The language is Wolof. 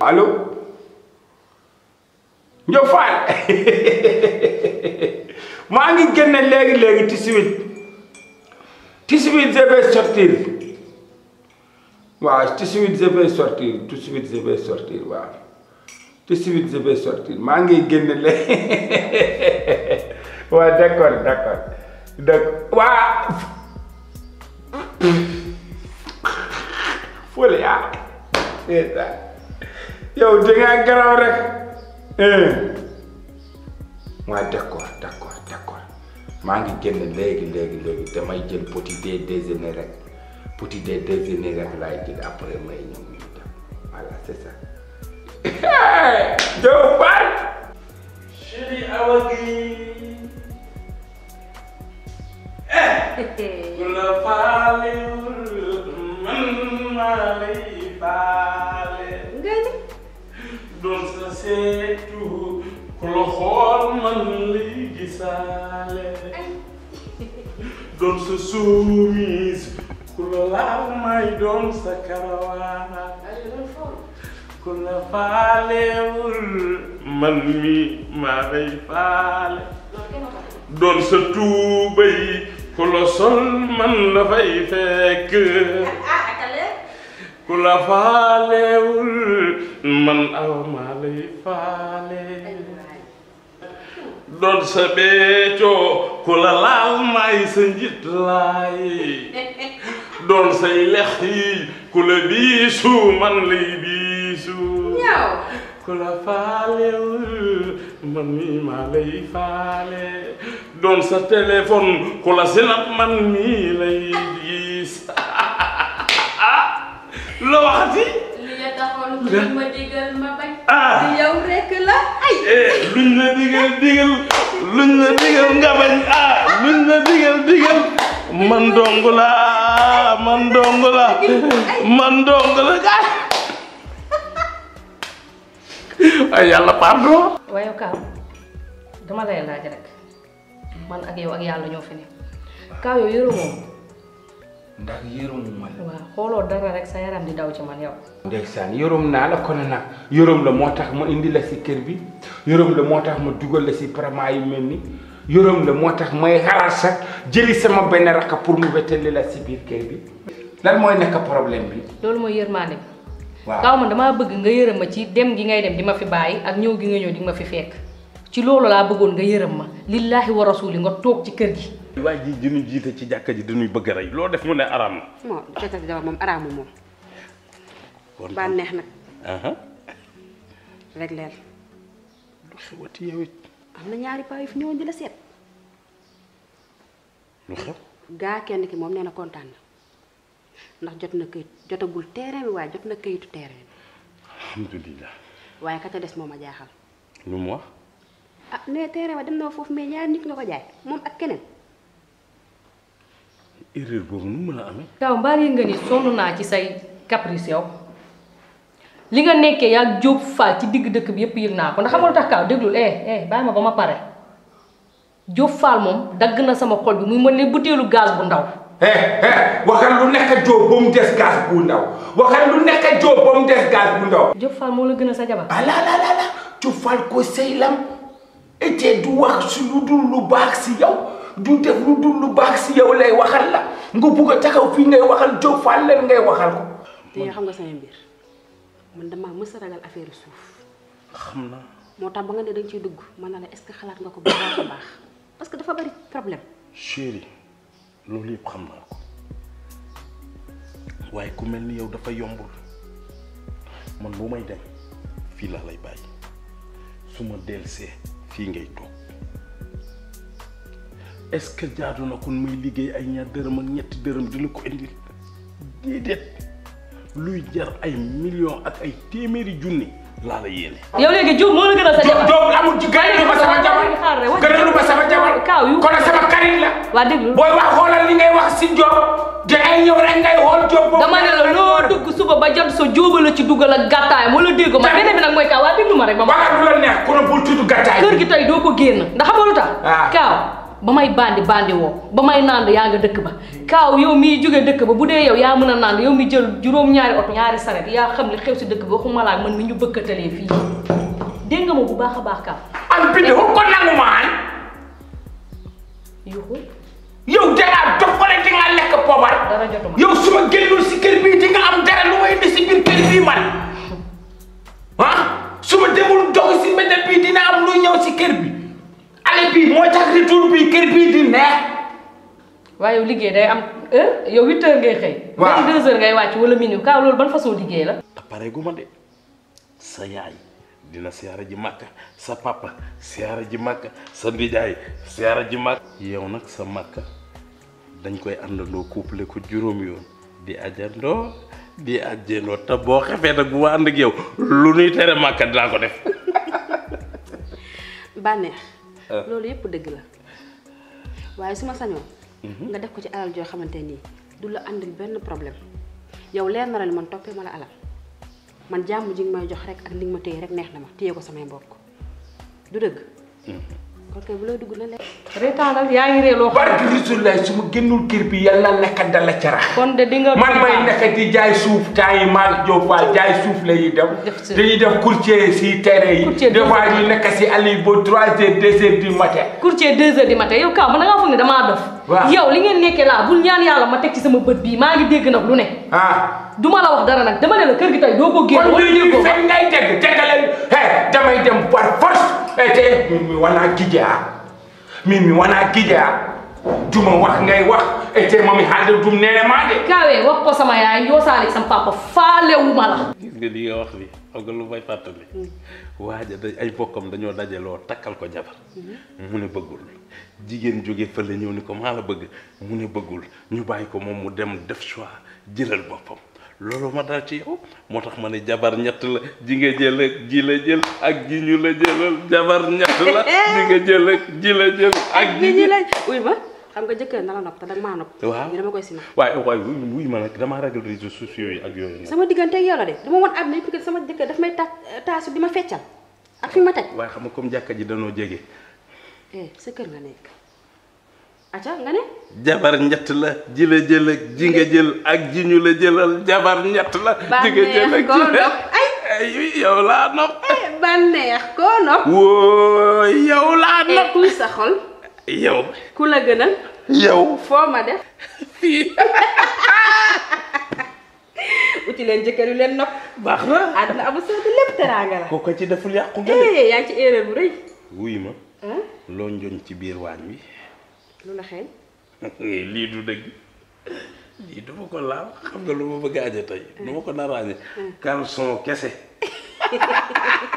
allo Ndiop maa ngi génne léegi léegi tout de suite tout de suite je vais sortir waaw tout de suite sortir tout de suite sortir waaw tout de suite sortir maa ngi génne léegi waaw d'accord d'accord donc waa fole ah c'est ça yow da ngaa garaw rek waaye eh. d'accord d'accord d'accord maa ngi génn léegi léegi léegi damay jël petit dé déjeuner rek petit dé déjeuner rek après may ñëw ñu dem voilà c'est ça Joe Bal Chéri Awa Guèye eh ku la faale doon sa seetu ku la xool man lay gisaale doon sa soumise ku la laal may doon sa karawaana ku la faalewul man mi maa lay faale doon sa tuubay ku la sol man la fay fekk ku la faalewul man aw maa lay faale doon sa beecoo ku la laal maay sa njit laay doon say lex yi ku la biisu man lay biisu ku la faalewul man mii maa lay faale doon sa téléphone ku la sinap man mii lay diis loo waxati li ya taxoon buñ ma digal ma bañ ah yow digal digal luñ digal nga ah luñ digal digal man dong la man dong la man dong la gaay kan? ay yàlla pardon waaye kaaw dama lay laaj rek man ak yow ndax yërëm ma la waaw xooloo dara rek sa yaram di daw ci man yow ndeysaan yërëm naa la kon nag yërëm la moo ma indi la si kër bi yërëm la moo tax ma dugal la si parament yu mel ni yërëm la moo may xalaat sax jëli sama benn raka pour mu wetali la si biir kër bi lan mooy nekk problème bi loolu mooy yërmaande bi waaw kaw man damaa bëgg nga yërëm ma ci dem gi ngay dem dima ma fi bàyyi ak ñëw gi nga ñëw di ma fi fekk ci loolu laa bëggoon nga yërëm ma lillahi wa rasuli nga toog ci kër gi waay ji diñu jiite ci jàkka ji diñuy bëgg rey loo def mu ne araam na. non moom araamu moom. nag. rek leen. lu xewati yow it. am na ñaari paa yu fi ñëwoon di la seet. lu xew. gaa kenn ki moom nee na kontaan na ndax jot na këyit jotagul terrain bi waaye jot na këyitu terrain bi. waaye ka ca des moom a jaaxal. lu mu wax. ah nee terrain ba dem na foofu mais ñaari nit nga ko jaay moom ak keneen. erreur boobu nu a amee. taw mbaa yëg nga ni sonn naa ci say caprice yow li nga nekkee yaa jóob faal ci digg dëkk bi yëpp yëg naa ko ndax xam nga lu tax kaaw déglul eh eh bàyyi ma ba ma pare jóob faal moom dagg na sama xol bi muy mën ne butéelu gaz bu ndaw. Eh, eh, waxal lu nekk jóob ba mu des gaz bu ndaw waxal lu nekk jóob ba mu faal moo la gën a sa jabar. ah la jóob faal ko sëy lam du wax si dul lu baax si yow. du def lu dul baax si yow lay waxal la nga bugg a taxaw fii ngay waxal Diop Fall leen ngay waxal ko. te yow xam nga sama mbir man damaa mës ragal affaire suuf. xam naa. moo tax ba nga ne dañ ciy dugg man na la est-ce que xalaat nga ko baax a baax parce que dafa bari problème. chérie loolu yëpp xam naa ko waaye ku mel ni yow dafa yombul man bu may dem fii laa lay bàyyi su ma see fii ngay toog. est-ce que jaadu na kon muy liggéey ay ñaar dërëm ak ñetti dërëm di la ko indil déedéet luy jar ay millions ak ay téeméeri junni laa la yéene. yow léegi Diouf moo la gënal sa jabar. doom amul ci gënalu ma sama jabar lu ma sama jabar. kaaw yu kon sama xarit la. waa déglu booy wax xoolal li ngay wax si Diop. di ay ñëw rek ngay xool Diop boobu. dama ne la loo dugg suba ba jot sa jóoba la ci dugal ak gàttaay la dégg ma beneen bi nag mooy kaaw waa déglu ma rek. ba ma wax lu la neex ku ne bul tudd gàttaay. kër gi tey doo ko génn ndax xamoo lu tax. waaw ah. ba may bandi bandi woo ba may nand yaa nga dëkk ba kaaw yow miy jóge dëkk ba bu dee yow yaa mën a nand yow mi jël juróom-ñaari oto ñaari saret yaa xam li xew si dëkk bi waxuma laa man mi ñu bëkkatalee fii dégg nga ma bu baax a baax kaaw an biddi ko ko nangu maan yuxu yow dangaa dox wala dangaa lekk poobar yow su ma génnul si day am heure eh, yow 8 heures ngay xëy. waaw 22 heures ngay wàcc wala minuit kaa loolu ban façon liggéey la. te pareegu ma de sa yaay dina siara ji màkk sa papa siyaara ji màkk sa ndijaay siyaara ji màkk. yow nag sa màkk dañ koy àndandoo couple ko juróom yoon di ajandoo di ajjandoo te boo xefee nag bu ma ak yow lu nuy tere màkk dinaa ko def. bànneex. Ah. loolu la Mhm. nga def ko ci alal joo xamante nii du la àndil benn problème yow leer na la man toppee ma la alal man jàmm ji nga may jox rek ak li ma téye rek neex na ma téye ko samay mbokk du dëgg mhm. kon bu lay dugg na leer reetaanal yaa ngi réeloo. barke Rasulullah su ma génnul kër bi yàlla naka dala cara. kon de di nga may nekk di jaay suuf temps yi maa Diop jaay suuf la ñuy def. si terrain yi. courtier des si àll yi ba 3 heures 2 heures du matin. courtier 2 heures du matin yow Kaaw man da ngaa foog ne damaa dof. waaw yow li ngeen nekkee laa bul ñaan yàlla ma teg ci sama bët bii maa ngi dégg nag lu ne. Ah. du ma la wax dara nag dama ne la kër gi tey doo ko génn. wala dégg ko kon ngay dégg dégg leen damay dem par force eh, te wala kii mimi wanakija juma wax ngay wax ete eh, mami haalde dum nene ma de kawe wax ko sama yaay yoosaale sama papa faalewuma la gis nga li wax li xam nga lu may fàttali mm. waaja da ay bokkam dañoo dajaloo takkal ko jabar mu ne bëggul jigéen jóge fële ñëw ni ko maa bëgg mu ne bëggul ñu bàyyi ko moom mu dem def choix jëlal boppam loolu ma dal ci yow moo tax ma ne jabar ñett la ji nga jël ak ji la jël ak ji ñu la jëlal jabar ñett la ji nga jël ji la jël ak ji ñu la uy ma xam nga jëkkër na la nopp te danga maa nopp waaw koy sima waaye waaye wuy ma nag damaa ragal réseaux sociaux yi ak yooyu sama diggante ak yow la de dama woon àdduna yi sama jëkkër daf may ta euh, taasu di ma feccal ak fi ma teg waaye xam nga comme jàkka ji danoo jege eh, sa kër nga nekk aca nga ne. jabar ñett la ji la jël ak ji nga jël ak ji ñu la jëlal jabar ñett la. ji nga jël ak ji la ay ay eh, eh, yow ku la gënal. yow. foo ma def. leen jëkkër yu baax na àdduna abu sedd la. koo ko ci deful yàqu nga de. Eh, yaa ci erreur bu rëy. wuy ma. loo njoñ ci biir waañ wi. lu la xeeñ. lii du dëgg lii du ma ko laal xam nga lu ma bëgg a aje tey. du ma ko nar a mm. kese.